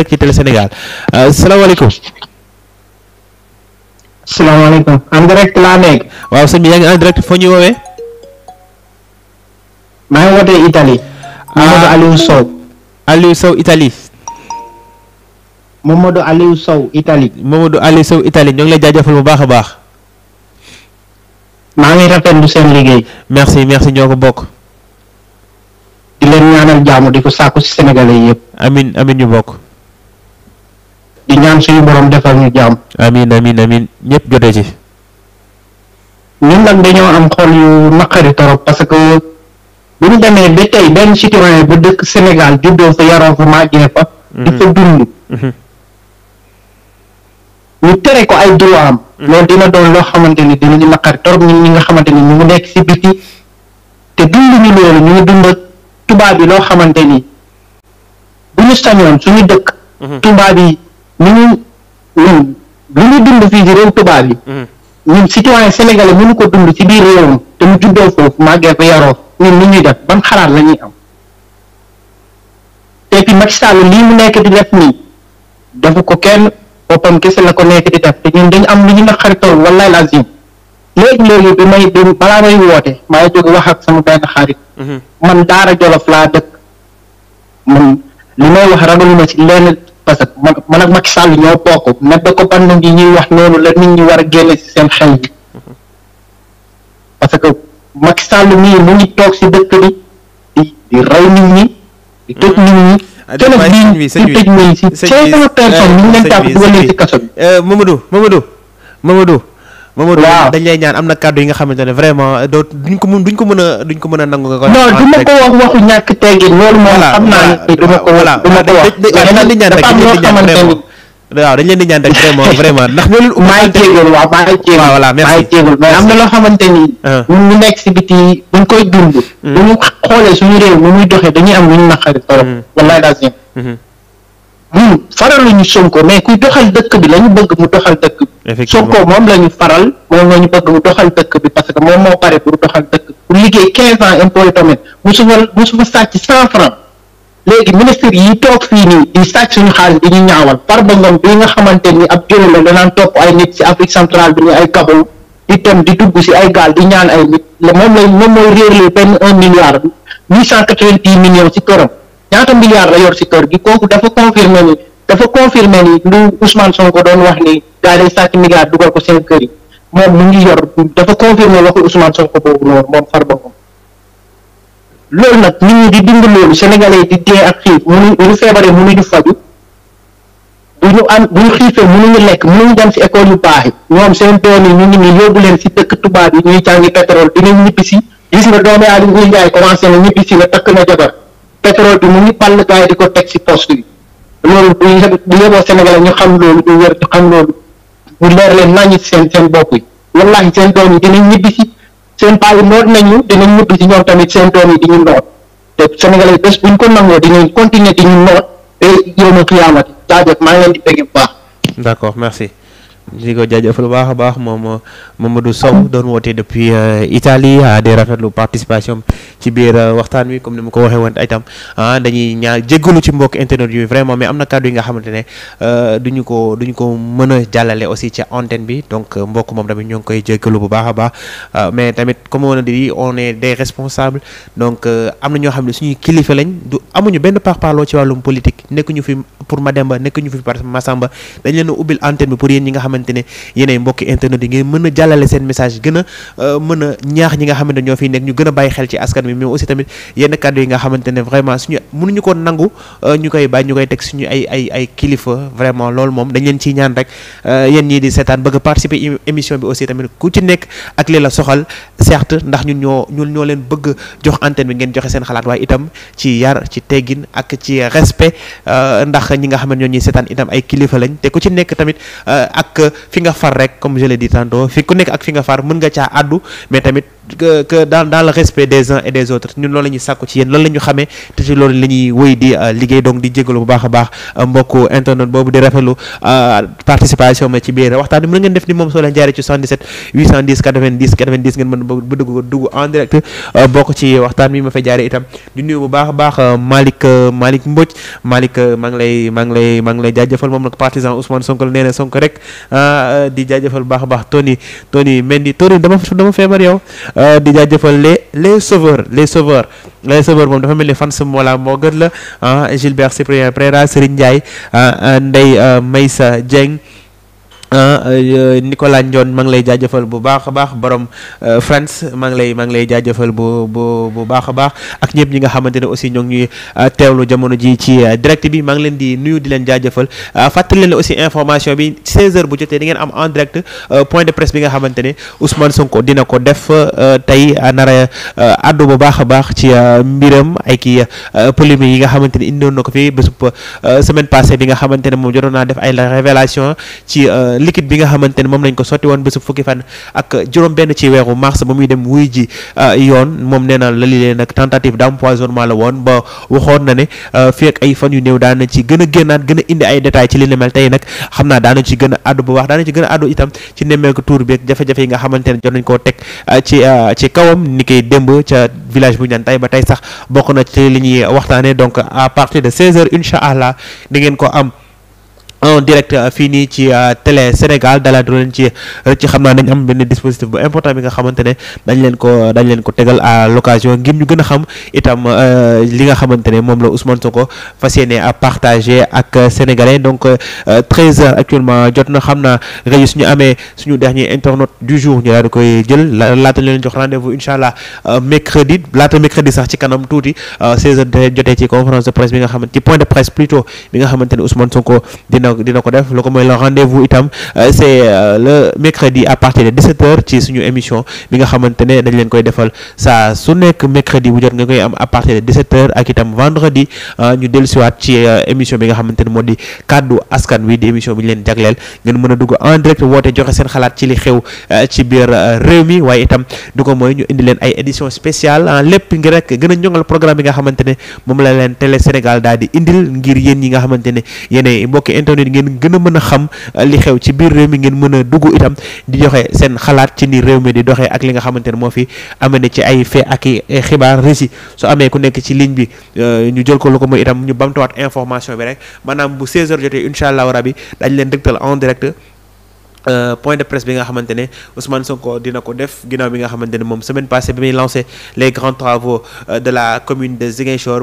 direct ci Télé Sénégal euh, salaamaaleykum. direct laa nekk. waaw sëñ bi yaa ngi en direct foo ñu woowee. maa ngi wootee Italie. Mamadou ah. Aliou Sow. Aliou Sow Italie. Mamadou Aliou Sow Italie. Mamadou Aliou Sow Italie ñoo ngi lay jaajëfal bu baax a baax. maa ngi rafetlu seen liggéey. merci merci ñoo ko bokk. di leen ñaanal jaamu di ko sàkku ci sénégalais yëpp. amin amin ñu bokk. di ñaan suñu borom defal ñu jàmm. amiin amiin amiin ñëpp jote ci. ñun nag dañoo am xol yu naqari torop parce que bu ñu demee ba tey benn citoyen ba dëkk Sénégal juddoo fa yaroo fa màggee fa. Mhm. di fa dund. Mhm. ñu tere ko ay droit am. Mhm. loolu dina doon loo xamante ni dina ñu naqari torop ñun ñi nga xamante ni ñu ngi nekk si biti te dund ñu loolu ñu ngi dund tubaab bi loo xamante ni bu ñu sañoon suñu dëkk. tubaab yi. ni ñuy lu ñu dund fii ci réew tubaab yi mm-hmm. ñun citoyen sénégalais mënu ko dund ci biir réewam te mu juddoo foofu màggee fa yaroo ñun ni ñuy def ban xalaat la ñuy am te fi Macky lii mu nekk di def nii defu ko kenn boppam kese la ko nekk di def te ñun dañu am lu ñu naqari tool wallaay lazim léegi-léegi bi may bi balaa may woote maa ngi jóge wax ak sama benn xarit mm-hmm. man daara jolof laa dëkk man li may wax ragaluma ci lenn parce que man man ak Macky Sall ñoo bokk na da ko bandam yi ñuy wax noonu la nit ñi war a génne ci seen xel yi parce que Macky Sall mii mu toog ci dëkk di di nit ñi di tëj nit ñi keneen bi di tëj mooy ci cinq cent personnes ñu ngi leen jàpp dugalee Mamadou a lay ñaan am na kàddu yi nga xamante ne vraiment doo duñ ko mun duñ ko mën a duñ ko mën a nangu nga ko non du ma ko wax waxu ñàkk teggin loolu moom xam naa ne du ma ko wax du ma ko wax dañ leen di ñaan rek dañ leen di ñaan vraiment waaw dañ leen di ñaan rek am na loo xamante ni ah. ñun ñu nekk si biti buñ koy dund bu hmm. xoolee suñu réew mi muy doxee dañuy am lu ñu naqari torop hmm. wallaay daal hmm. ñun faraluñu Sonko mais kuy doxal dëkk bi lañu bëgg mu doxal dëkk bi effectivement Sonko moom la ñu faral moom la ñu bëgg mu doxal dëkk bi parce que moom moo pare pour doxal dëkk pour liggéey 15 ans impôt et domaine musu sàcc 100 francs léegi ministre yi toog fii nii di sàcc suñu xaalis di ñu ñaawal par bangam bi nga xamante ni ab jëloon la danaan topp ay nit ci Afrique centrale bi ñu ay Gabon di dem di dugg ci ay gaal di ñaan ay nit moom lay moom mooy réerle benn un milliard huit cent quatre vingt ci këram ñaata milliards dafa confirmer ni lu Ousmane Sonko doon wax ni gaa yi sàcc milliards dugal ko seen kër yi moom mu ngi yor dafa confirmer waxu Ousmane Sonko boobu noonu loolu nag nit ñi di dund loolu sénégalais di dee ak xiif munu ñu feebaree munu ñu faju bu ñu am bu ñu xiifee mënuñu lekk mënuñu dem ci école yu baax yi seen doom ñu ngi nii yóbbu leen ci dëkk tubaab yi ñuy jàngi pétrole dinañ ñibbi si gis nga doomi Aliou Ndiaye commencé na ñibbi si la takk na jabar pétrole bi mu ngi di ko teg ci poste yi loolu bu yeboo Sénégal ñu xam loolu du wér ñu xam loolu mu leer leen nañu seen seen bopp yi wallaahi seen doom yi dinañ ñibbi si seen paa yi noot nañu dinañ ñibbi si ñoom tamit seen doom yi di ñu noot te Sénégal yi bés buñ ko nangoo dinañ continuer di ñu noot te yow ma xiyaamati jaajëf maa ngi leen di bëgg bu baax. D'accord merci. di ko jaajëfal baax a baax moom Mamadou Sow doon wootee euh, ah, euh, wi comme ni mu ko waxee woon itam ah dañuy ñaar jéggalu ci mbokk internet yu vraiment mais am na kàddu yi nga xamante ne euh, duñu ko duñu ko mën a jàllale aussi ci antenne bi donc mbokk moom tamit ñoo ngi koy jéggalu bu baax a baax ah, mais tamit comme on dit on est des responsables donc am na ñoo xam ne suñuy kilifa lañ du amuñu benn parparloo ci wàllum politique nekkuñu fi pour Mademba nekkuñu fi par Massamba dañ leen a ubbil antenne bi pour yéen ñi nga xamante xamante ne yéenay mbokki a jàllale seen message gën a euh, mën a ñaax ñi nga xamante ñoo fiy nekk ñu gën a bàyyi xel ci askan bi mais aussi tamit yenn kàddu yi ko nangu euh, ñu koy bàyyi ñu koy teg suñu ay ay kilifa vraiment loolu moom dañ leen ciy ñaan rek euh, yéen ñii di seetaan bëgg participer émission bi aussi tamit ku ci nekk ak li la soxal certes ndax ñu ñoo ñun ñoo leen bëgg jox antenne bi ngeen joxe seen xalaat waaye itam ci yar ci teggin ak ci respect euh, ndax ñi nga xam ne ñoo seetaan itam ay kilifa lañ te ku ci nekk tamit euh, ak fi nga far rek comme je l'ai dit tantôt ku nekk ak fi nga far mën nga caa àddu mais tamit que que dans dans le respect des uns et des autres ñun loolu la sàkku ci yéen loolu la ñu te ci loolu la ñuy di euh, liggéey donc di jégalu bu baax a baax euh, mbokku internet boobu di rafetlu euh, participation ma ci biir waxtaan bi mën ngeen def ni moom soo leen jaaree ci 77 810 90 90 ngeen mën ba dugg dugg en direct bokk ci waxtaan bi ma fay jaaree itam di nuyu bu baax baax Malick Malick Mbodj Malick maa lay maa ngi lay maa ngi lay jaajëfal moom nag partisan Ousmane Sonko nee na Sonko rek ah, di jaajëfal bu baax a baax Tony Tony Mendy Tony dama dama Euh, di jaajëfal les le sauveurs les sauveurs les sauveurs moom dafa mel ni fan sama wala moo gën la Gilbert Cyprien Préra Serigne Ndiaye Ndeye euh, Maysa Dieng Ah, Nicolas Ndione maa ngi lay jaajëfal bu baax a baax borom euh, France maa lay maa lay jaajëfal bu bu bu baax a baax ak ñëpp ñi nga xamante ne aussi ñoo ngi ñuy euh, teewlu jamono ji ci euh, direct bi maa ngi leen di nuyu di leen jaajëfal ah, fàttali leen aussi information bi 16h bu jotee di ngeen am en direct point de presse bi nga xamante ne Ousmane ko dina ko def tey nara addu bu baax a baax ci mbiram ay kii polémique yi nga xamante ne indoon na ko fi bésub semaine passée bi nga xamante ne moom jotoon naa def ay révélation ci. liquide bi nga xamante ne moom lañ ko sotti woon bésu fukki fan ak juróom benn ci weeru mars ba muy dem wuy ji euh, yoon moom nee na la li leen nag tentative la woon ba waxoon na ne euh, fii ak ay fan yu néew daana ci gën a génnaat gën a indi ay détails ci li ne tey nag xam naa daana ci gën a àddu bu baax daana ci gën a àddu itam ci nemmeeku tuur bi ak jafe-jafe yi nga xamante ne jot nañ koo teg euh, ci kawam ni koy démb ca village bu ñu tey ba tey sax bokk na ci li ñuy waxtaanee donc à partir de 16 incha allah di ngeen ko am en direct euh, fii nii ci euh, télé Sénégal dalaa du leen ci euh, ci xam naa dañ am benn dispositif bu important bi nga xamante ne dañ leen ko dañ leen ko tegal à l'occasion ngir ñu gën a xam itam li nga xamante ne moom la Ousmane Sonko fas yéene à partager ak sénégalais donc 13 heures actuellement jot na xam naa su suñu amee suñu dernier internaute du jour ñu daal di koy jël laata leen jox rendez-vous incha allah mercredi laata mercredi sax ci kanam tuuti 16 heures jotee ci conférence de presse nga xamante ci point de presse dina dina ko def lu ko mooy le rendez itam euh, c'est euh, le mercredi à de 17h ci suñu émission bi nga xamante ne dañ leen koy defal saa su nekk mercredi bu jot nga koy am à de 17 ak itam vendredi euh, ñu dellusiwaat ci émission bi nga xamante a dugg a moom la leen Télé Sénégal daal di indil ngir yéen yi nga xamante ne yéenay yoon it ngeen gën a mën a xam euh, li xew ci biir réew mi ngeen mën a dugg itam di joxe seen xalaat ci ni réew mi di doxee ak li nga xamante ne moo fi amee ci ay fait ak i eh, xibaar rési su amee ku nekk ci ligne bi euh, ñu jël ko lu ko mooy itam ñu bamtuwaat information bi rek maanaam bu 16h jotee incha allah rabi dañ leen dëgtal en direct Euh, point de presse bi nga xamante ne Ousmane Sonko dina ko def ginnaaw bi nga xamante ne moom semaine passée bi muy lancé les euh, de la commune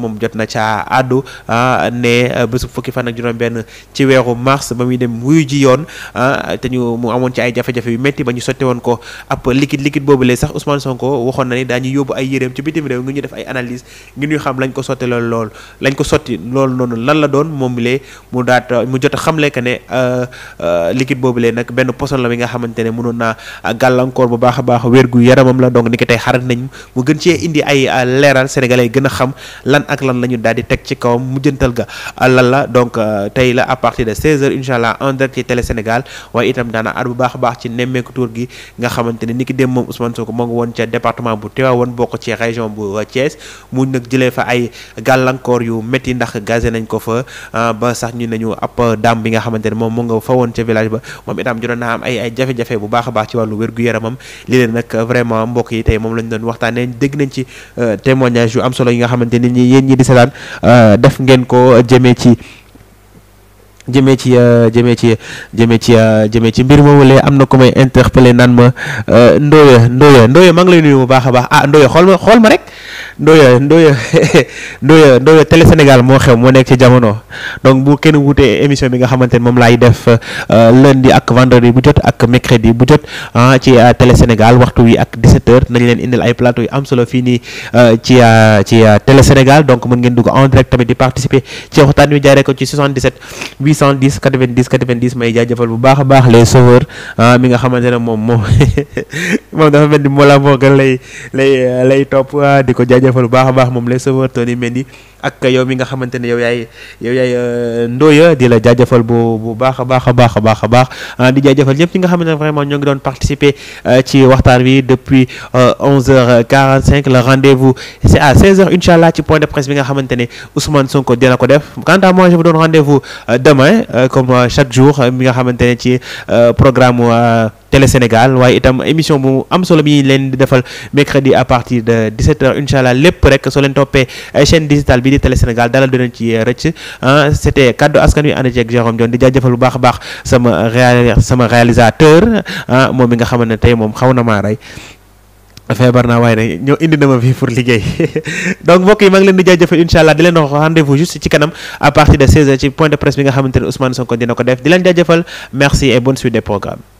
moom jot na ca àddu ah, ne euh, bésu fukki fan ak juróom-benn ci weeru mars ba dem wuyu ji yoon ah, te ñu mu amoon ci ay jafe-jafe yu métti ñu sotte woon ko ab liquide liquide boobule sax Ousmane Sonko waxoon na ni daañu yóbbu ay yéreem ci bitim réew ngi ñu def ay analyse ngi ñuy xam ko sotte lool lañ ko sotti loolu noonu lan la doon moom lee mu daat mu jot a xamle que ne liquide boobule nag. benn poson la bi nga xamante ne mënoon naa gàllankoor bu baax a baax wérgu yaramam la donc ni ko tey xarit nañ mu gën cee indi ay euh, leeral sénégalais gën a xam lan ak lan la ñu teg ci kawam mujjantal ga lan la donc euh, tey la à partir de 16h incha allah en direct ci télé Sénégal waaye itam daana at bu baax a baax ci nemmeeku tour gi nga xamante ne ni ki dem moom Ousmane Sonko moo ngi woon ca département bu Tivaouane bokk ci région bu euh, Thiès mu nag jëlee yu métti ndax gazé nañ ko fa ba sax ñu nañu ab bi nga xamante ne moom mu nga fa woon ca village ba doon am ay ay jafe-jafe bu baax a baax ci wàllu wér-gu-yaramam lii leen nag vraiment mbokk yi tey moom lañ doon waxtaanee dégg nañ ci euh, témoignage yu am solo yi nga xamante ni ñi yéen ñi di seetaan euh, def ngeen ko jëmee ci jëmee ci euh, jëme ci jëme ci euh, jëmee ci mbir moomu lee am na ko may interpellé naan ma euh, Ndoye Ndoye Ndoye maa lay nuyu bu baax a baax ah Ndoye xool ma xool ma rek Ndoye Ndoye Ndoye Ndoye Télé moo xew moo nekk jamono donc bu kenn wutee émission bi nga xamante ne moom laay def lundi ak vendredi bu jot ak mercredi bu jot ah ci Télé Sénégal waxtu wi ak 17h nañ leen indil ay plateau yu am solo fii nii ci ci Télé Sénégal donc mën ngeen dugg en direct tamit di participer ci waxtaan wi jaaree ko ci 77. 810 90 90 may jaajëfal bu baax a baax les sauveurs euh, mi nga xamante ne moom moom moom dafa mel ni moo la moo lay lay lay topp euh, di ko jaajëfal bu baax a baax moom lay sauveurs Tony Mendy ak yow mi nga xamante ne yow yaay yow yaay Ndoye di la jaajëfal bu bu baax a baax a baax a baax a baax di jaajëfal ñëpp ñi nga xamante ne vraiment ñoo ngi doon participer ci waxtaan wi depuis 11h45 le rendez-vous c'est à 16 incha allah ci point de presse bi nga xamante ne Ousmane Sonko dina ko def quant à moi je vous donne rendez-vous demain comme chaque jour mi nga xamante ne ci programme. Télé Sénégal waaye itam émission bu am solo bi leen di defal mercredi à partir de 17h incha allah lépp rek soo leen toppee eh, chaîne digitale bi di Télé Sénégal dalal du leen ci eh, rëcc ah, c'était kaddu askan wi ànd ceeg Jérôme Dione di jaajëfal bu baax a baax sama réal sama réalisateur ah, moom mi nga xam ne tey moom xaw na maa rey. feebar naa waaye nag ñoo indi na ma fii pour liggéey donc mbokk yi maa ngi leen di jaajëfal incha allah di leen wax rendez-vous juste ci de 16h ci point de presse bi nga xamante